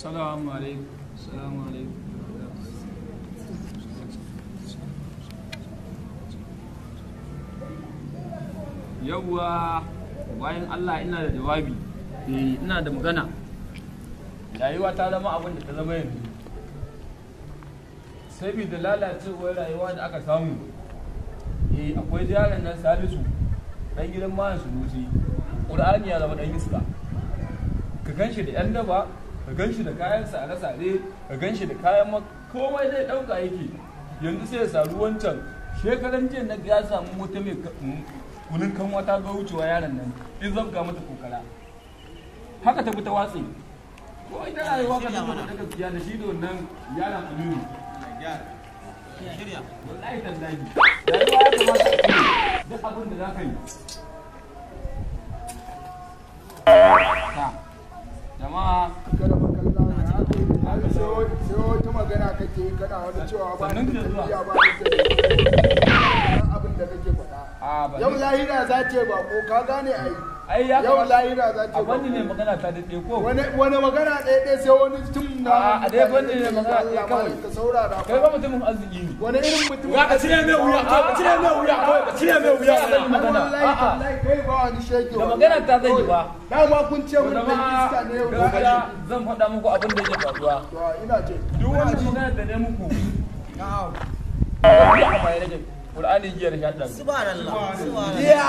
Assalamu alaikum. Assalamu alaikum. Yawwa bayan Allah ina da jawabi, eh, ina da magana. Rayuwa ta zama abin da ta zama yanzu. Sabida lalacewar rayuwa da aka samu, eh, akwai jarin nan salisu ɗan gidan mayan sunusi, ƙur'ani ya zama ɗan iska. Ka gan shi da ‘yan daba, ka gan shi da kayan sare-sare ka gan shi da kayan komai zai ɗauka yake yanzu sai ya saru wancan shekaran jiya na ya samu wata mai mm, kunin kan wata ga wucewa yaron nan in zan ga mata kokara haka tafi ta watsi ko ita rayuwa ka zama da gaskiya da shi da wannan yaron aminu wallahi tallahi rayuwa ya kamata a duk abin da za ka yi kuma wata magana kake yi kada wani cewa ba da duniya ba da abin da kake faɗa yau lahira za ce ba ko ka gane a yi ai ya yau lahira za ta wani ne magana ta dade ko wani wani magana ɗaya ɗaya sai wani mutum na a dai wani ne magana ɗaya kawai ka saurara kai ba mutumin arziki ne wani irin mutum ka cire mai wuya ka cire mai wuya ka cire mai wuya ka magana a'a kai ba wani shege da magana ta zai ba ma kun ce mun da iska ne yau da zan faɗa muku abin da yake faruwa to ina ce duk wani magana da ne muku na'am ya ba ya rage Qur'ani giyar shi haɗa. Subhanallah. Giya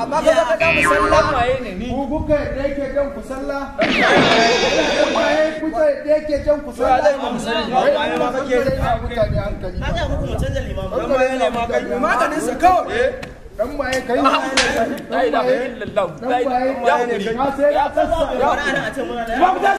amma ka zaka da musalla. Maye ne ni. Ku kuka da yake jan ku sallah. Maye kuka da yake jan ku sallah. Ba da musalla. Wai ma kake da mutane hankali. Haka muku mutan da limama. Dan maye ne ma kai. Maganin Dan kai.